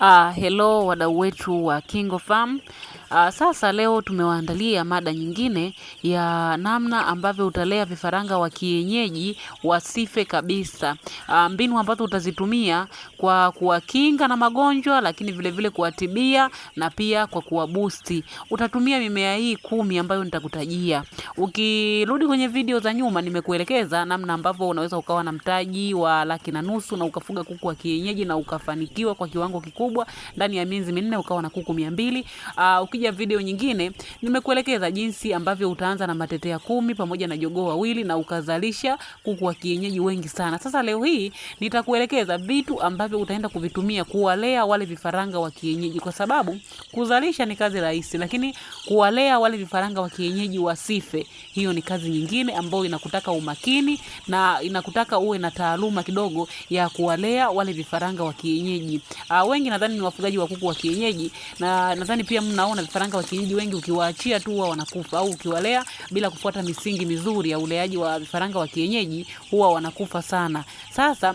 Uh, hello wadau wetu wa KingoFarm. Uh, sasa leo tumewaandalia mada nyingine ya namna ambavyo utalea vifaranga wa kienyeji wasife kabisa. Uh, mbinu ambazo utazitumia kwa kuwakinga na magonjwa, lakini vile vile kuwatibia na pia kwa kuwabusti. Utatumia mimea hii kumi ambayo nitakutajia. Ukirudi kwenye video za nyuma, nimekuelekeza namna ambavyo unaweza ukawa na mtaji wa laki na nusu na ukafuga kuku wa kienyeji na ukafanikiwa kwa kiwango kikubwa ndani ya miezi minne ukawa na kuku 200. Ah, uh, ya video nyingine nimekuelekeza jinsi ambavyo utaanza na matetea kumi pamoja na jogoo wawili na ukazalisha kuku wa kienyeji wengi sana. Sasa leo hii nitakuelekeza vitu ambavyo utaenda kuvitumia kuwalea wale vifaranga wa kienyeji, kwa sababu kuzalisha ni kazi rahisi, lakini kuwalea wale vifaranga wa kienyeji wasife, hiyo ni kazi nyingine ambayo inakutaka umakini na inakutaka uwe na taaluma kidogo ya kuwalea wale vifaranga wa kienyeji. Uh, wengi nadhani ni wafugaji wa kuku wa kienyeji na nadhani pia mnaona vifaranga wa kienyeji wengi ukiwaachia tu huwa wanakufa, au ukiwalea bila kufuata misingi mizuri ya uleaji wa vifaranga wa kienyeji huwa wanakufa sana. Sasa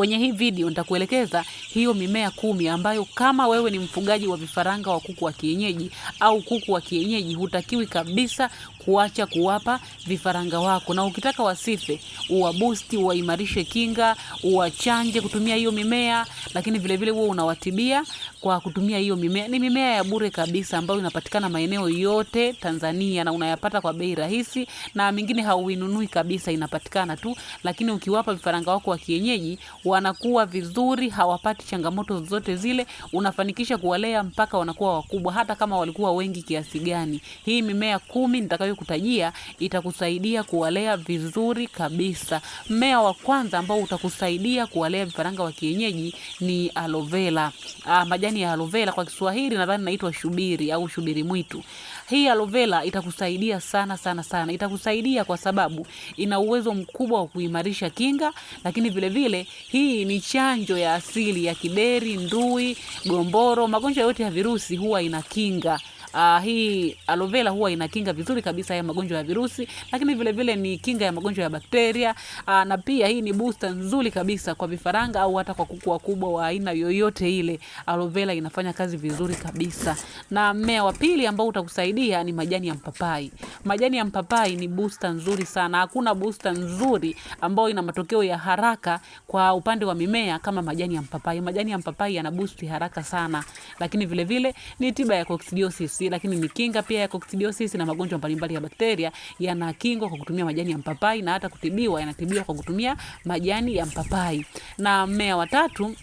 Kwenye hii video nitakuelekeza hiyo mimea kumi ambayo kama wewe ni mfugaji wa vifaranga wa kuku wa kienyeji au kuku wa kienyeji hutakiwi kabisa kuacha kuwapa vifaranga wako, na ukitaka wasife, uwabusti, uwaimarishe kinga, uwachanje kutumia hiyo mimea, lakini vilevile huo unawatibia kwa kutumia hiyo mimea. Ni mimea ya bure kabisa ambayo inapatikana maeneo yote Tanzania na unayapata kwa bei rahisi, na mingine hauinunui kabisa, inapatikana tu, lakini ukiwapa vifaranga wako wa kienyeji wanakuwa vizuri, hawapati changamoto zozote zile, unafanikisha kuwalea mpaka wanakuwa wakubwa, hata kama walikuwa wengi kiasi gani. Hii mimea kumi nitakayokutajia itakusaidia kuwalea vizuri kabisa. Mmea wa kwanza ambao utakusaidia kuwalea vifaranga wa kienyeji ni aloe vera. Ah, majani ya aloe vera kwa Kiswahili nadhani naitwa shubiri au shubiri mwitu. Hii aloe vera itakusaidia sana sana sana, itakusaidia kwa sababu ina uwezo mkubwa wa kuimarisha kinga, lakini vile vile hii ni chanjo ya asili ya kideri, ndui, gomboro, magonjwa yote ya virusi huwa ina kinga. Uh, hii aloe vera huwa inakinga vizuri kabisa ya magonjwa ya virusi, lakini vile vile ni kinga ya magonjwa ya bakteria. Uh, ah, na pia hii ni booster nzuri kabisa kwa vifaranga au hata kwa kuku wakubwa wa aina yoyote ile. Aloe vera inafanya kazi vizuri kabisa. Na mmea wa pili ambao utakusaidia ni majani ya mpapai. Majani ya mpapai ni booster nzuri sana. Hakuna booster nzuri ambayo ina matokeo ya haraka kwa upande wa mimea kama majani ya mpapai. Majani ya mpapai yana boost haraka sana, lakini vile vile ni tiba ya coccidiosis lakini ni kinga pia ya coccidiosis na magonjwa mbalimbali ya bakteria yanakingwa kwa kutumia majani ya mpapai na hata kutibiwa yanatibiwa kwa kutumia majani ya mpapai. Na mmea wa tatu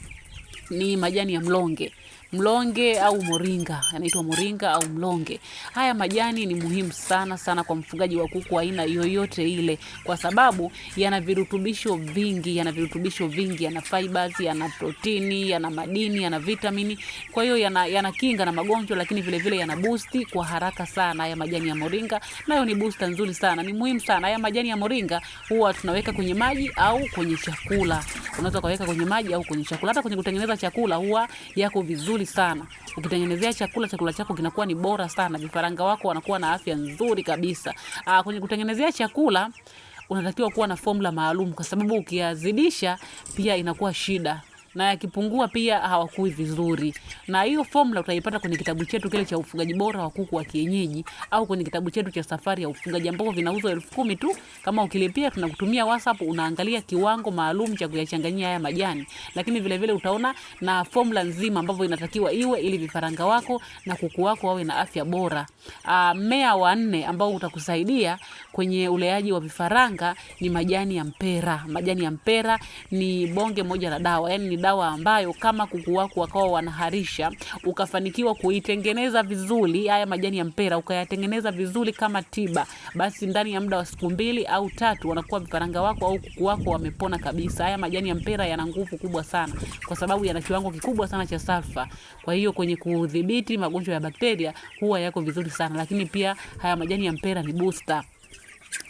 ni majani ya mlonge mlonge au moringa, anaitwa moringa au mlonge. Haya majani ni muhimu sana sana kwa mfugaji wa kuku aina yoyote ile, kwa sababu yana virutubisho vingi, yana virutubisho vingi, yana fibers, yana protini, yana madini, yana vitamini. Kwa hiyo yana, yana kinga na magonjwa, lakini vile vile yana boost kwa haraka sana. Haya majani ya moringa nayo ni booster nzuri sana, ni muhimu sana. Haya majani ya moringa huwa tunaweka kwenye maji au kwenye chakula, unaweza kaweka kwenye maji au kwenye chakula, hata kwenye kutengeneza chakula huwa yako vizuri nzuri sana. Ukitengenezea chakula, chakula chako kinakuwa ni bora sana. Vifaranga wako wanakuwa na afya nzuri kabisa. Aa, ah, kwenye kutengenezea chakula unatakiwa kuwa na formula maalum, kwa sababu ukiyazidisha pia inakuwa shida na yakipungua pia hawakui vizuri. Na hiyo formula utaipata kwenye kitabu chetu kile cha ufugaji bora wa kuku wa kienyeji au kwenye kitabu chetu cha safari ya ufugaji ambapo vinauzwa elfu kumi tu. Kama ukilipia tunakutumia WhatsApp, unaangalia kiwango maalum cha kuyachanganyia haya majani, lakini vile vile utaona na formula nzima ambavyo inatakiwa iwe ili vifaranga wako na kuku wako wawe na afya bora. Ah, mmea wa nne ambao utakusaidia kwenye uleaji wa vifaranga ni majani ya mpera. Majani ya mpera ni bonge moja la dawa, yani ni dawa dawa ambayo kama kuku wako wakawa wanaharisha, ukafanikiwa kuitengeneza vizuri, haya majani ya mpera ukayatengeneza vizuri kama tiba, basi ndani ya muda wa siku mbili au tatu wanakuwa vifaranga wako au kuku wako wamepona kabisa. Haya majani ya mpera yana nguvu kubwa sana, kwa sababu yana kiwango kikubwa sana cha sulfa. Kwa hiyo kwenye kudhibiti magonjwa ya bakteria huwa yako vizuri sana, lakini pia haya majani ya mpera ni booster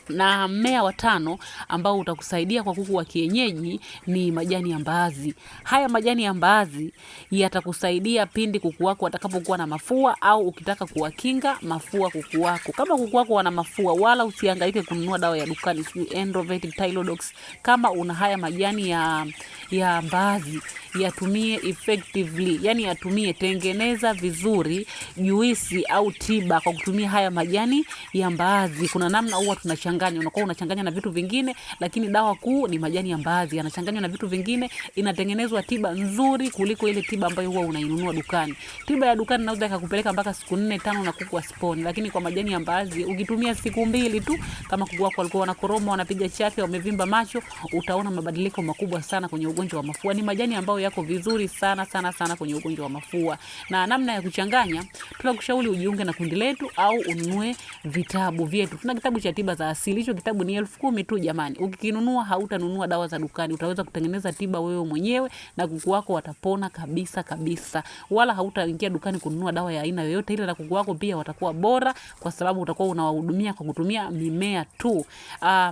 na mmea wa tano ambao utakusaidia kwa kuku wa kienyeji ni majani ya mbaazi. Haya majani ya mbaazi yatakusaidia pindi kuku wako watakapokuwa na mafua au ukitaka kuwakinga mafua kuku wako. Kama kuku wako wana mafua, wala usihangaike kununua dawa ya dukani, sijui Endovet, Tylodox. Kama una haya majani ya ya mbaazi yatumie effectively, yani yatumie, tengeneza vizuri juisi au tiba kwa kutumia haya majani ya mbaazi. Kuna namna huwa tunachanga kuchanganya, unakuwa unachanganya na vitu vingine, lakini dawa kuu ni majani ya mbaazi, yanachanganywa na vitu vingine, inatengenezwa tiba nzuri kuliko ile tiba ambayo huwa unainunua dukani. Tiba ya dukani naweza ikakupeleka mpaka siku nne tano na kuku asponi, lakini kwa majani ya mbaazi ukitumia siku mbili tu, kama kuku wako walikuwa wanakoroma, wanapiga chafya, wamevimba macho, utaona mabadiliko makubwa sana kwenye ugonjwa wa mafua. Ni majani ambayo yako vizuri sana sana sana kwenye ugonjwa wa mafua. Na namna ya kuchanganya, tunakushauri ujiunge na kundi letu au ununue vitabu vyetu. Tuna kitabu cha tiba za asili silicho kitabu ni elfu kumi tu jamani. Ukikinunua hautanunua dawa za dukani, utaweza kutengeneza tiba wewe mwenyewe na kuku wako watapona kabisa kabisa, wala hautaingia dukani kununua dawa ya aina yoyote ile, na kuku wako pia watakuwa bora, kwa sababu utakuwa unawahudumia kwa kutumia mimea tu. Uh,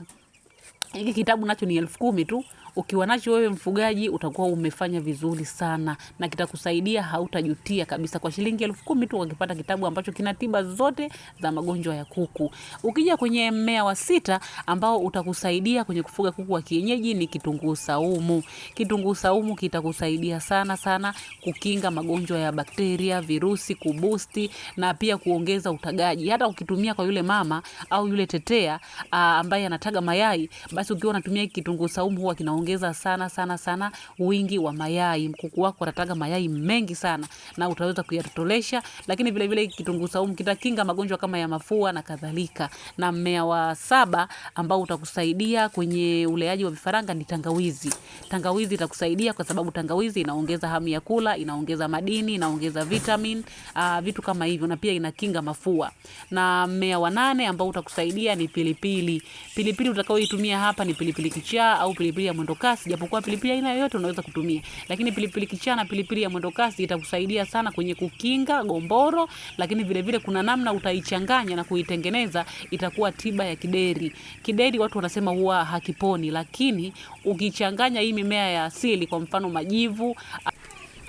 hiki kitabu nacho ni elfu kumi tu. Ukiwa nacho wewe mfugaji, utakuwa umefanya vizuri sana na kitakusaidia, hautajutia kabisa. Kwa shilingi elfu kumi tu ukipata kitabu ambacho kina tiba zote za magonjwa ya kuku. Ukija kwenye mmea wa sita ambao utakusaidia kwenye kufuga kuku wa kienyeji ni kitunguu saumu. Kitunguu saumu kitakusaidia sana sana kukinga magonjwa ya bakteria, virusi, kubusti na pia kuongeza utagaji. Hata ukitumia kwa yule mama au yule tetea ambaye anataga mayai, basi ukiwa unatumia kitunguu saumu huwa kinaongeza kuongeza sana sana sana wingi wa mayai. Kuku wako atataga mayai mengi sana na utaweza kuyatotolesha, lakini vile vile kitunguu saumu kitakinga magonjwa kama ya mafua na kadhalika. Na mmea wa saba ambao utakusaidia kwenye uleaji wa vifaranga ni tangawizi. Tangawizi itakusaidia kwa sababu tangawizi inaongeza hamu ya kula, inaongeza madini, inaongeza vitamin, uh, vitu kama hivyo na pia inakinga mafua. Na mmea wa nane ambao utakusaidia ni pilipili. Pilipili utakayoitumia hapa ni pilipili kichaa au pilipili ya mwendo mwendokasi, japokuwa pilipili aina yoyote unaweza kutumia, lakini pilipili kichana, pilipili ya mwendokasi itakusaidia sana kwenye kukinga gomboro, lakini vile vile kuna namna utaichanganya na kuitengeneza itakuwa tiba ya kideri. Kideri watu wanasema huwa hakiponi, lakini ukichanganya hii mimea ya asili, kwa mfano majivu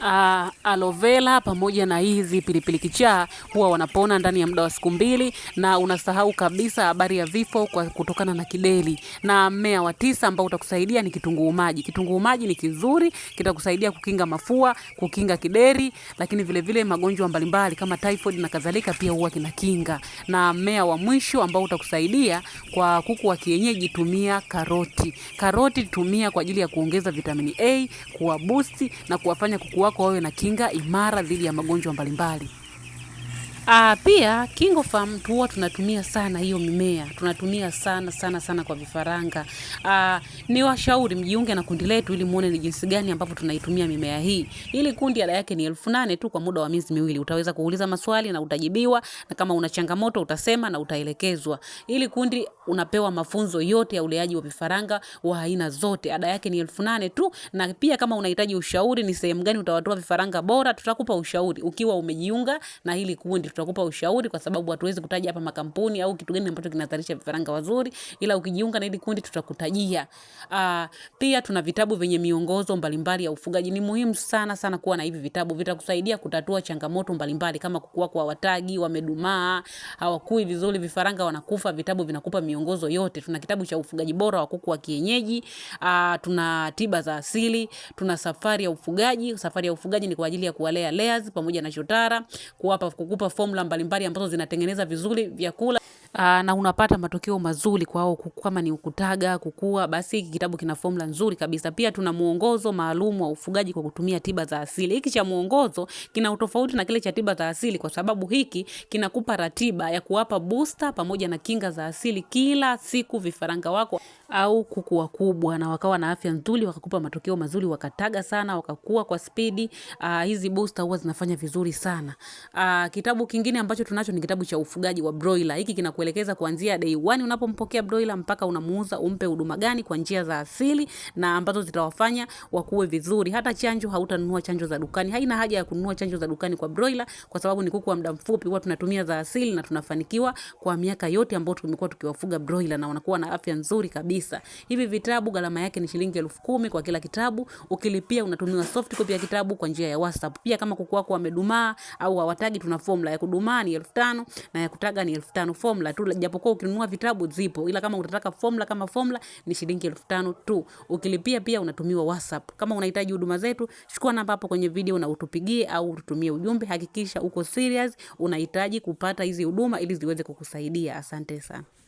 uh, aloe vera pamoja na hizi pilipili kichaa huwa wanapona ndani ya muda wa siku mbili, na unasahau kabisa habari ya vifo kwa kutokana na kideli. Na mmea wa tisa ambao utakusaidia ni kitunguu maji. Kitunguu maji ni kizuri, kitakusaidia kukinga mafua, kukinga kideli, lakini vile vile magonjwa mbalimbali kama typhoid na kadhalika pia huwa kinakinga. Na mmea wa mwisho ambao utakusaidia kwa kuku wa kienyeji, tumia karoti. Karoti tumia kwa ajili ya kuongeza vitamini A, kuwa boost na kuwafanya kuku wako wawe na kinga imara dhidi ya magonjwa mbalimbali. Ah, pia King of Farm huwa tunatumia sana hiyo mimea, tunatumia sana sana sana kwa vifaranga. Ah, ni washauri mjiunge na kundi letu ili muone ni jinsi gani ambavyo tunaitumia mimea hii. Ili kundi ada yake ni elfu nane tu kwa muda wa miezi miwili. Utaweza kuuliza maswali na utajibiwa, na kama una changamoto utasema na utaelekezwa. Ili kundi unapewa mafunzo yote ya uleaji wa vifaranga wa aina zote. Ada yake ni elfu nane tu, na pia kama unahitaji ushauri ni sehemu gani utawatoa vifaranga bora, tutakupa ushauri ukiwa umejiunga na hili kundi tutakupa ushauri, kwa sababu hatuwezi kutaja hapa makampuni au kitu gani ambacho kinahatarisha vifaranga wazuri, ila ukijiunga na hili kundi tutakutajia. Uh, pia tuna vitabu vyenye miongozo mbalimbali ya ufugaji. Ni muhimu sana sana kuwa na hivi vitabu, vitakusaidia kutatua changamoto mbalimbali kama kukua kwa watagi, wamedumaa, hawakui vizuri, vifaranga wanakufa. Vitabu vinakupa miongozo yote. Tuna kitabu cha ufugaji bora wa kuku wa kienyeji, uh, tuna tiba za asili, tuna safari ya ufugaji. Safari ya ufugaji ni kwa ajili ya kuwalea layers pamoja na chotara, kuwapa kukupa form fomula mbalimbali ambazo zinatengeneza vizuri vyakula. Ah, na unapata matokeo mazuri kwao, kama ni kutaga, kukua, basi hiki kitabu kina formula nzuri kabisa. Pia tuna muongozo maalum wa ufugaji kwa kutumia tiba za asili. Hiki cha muongozo kina utofauti na kile cha tiba za asili kwa sababu hiki kinakupa ratiba ya kuwapa booster pamoja na kinga za asili kila siku vifaranga wako au kuku wakubwa, na wakawa na afya nzuri, wakakupa matokeo mazuri, wakataga sana, wakakua kwa spidi. Uh, hizi booster huwa zinafanya vizuri sana. Uh, kitabu kingine ambacho tunacho ni kitabu cha ufugaji wa broiler. Hiki kinakuelekeza kuelekeza kuanzia day one unapompokea broiler mpaka unamuuza, umpe huduma gani kwa njia za asili na ambazo zitawafanya wakuwe vizuri. Hata chanjo hautanunua chanjo za dukani, haina haja ya kununua chanjo za dukani kwa broiler kwa sababu ni kuku wa muda mfupi, huwa tunatumia za asili na tunafanikiwa kwa miaka yote ambayo tumekuwa tukiwafuga broiler na wanakuwa na afya nzuri kabisa. Hivi vitabu gharama yake ni shilingi elfu kumi kwa kila kitabu. Ukilipia unatumiwa soft copy ya kitabu kwa njia ya WhatsApp. Pia kama kuku wako wamedumaa au hawatagi, tuna formula ya kudumaa ni elfu tano na ya kutaga ni elfu tano formula fomula tu, japokuwa ukinunua vitabu zipo, ila kama utataka fomula kama fomula ni shilingi elfu tano tu. Ukilipia pia unatumiwa WhatsApp. Kama unahitaji huduma zetu, chukua namba hapo kwenye video na utupigie au ututumie ujumbe. Hakikisha uko serious, unahitaji kupata hizi huduma ili ziweze kukusaidia. Asante sana.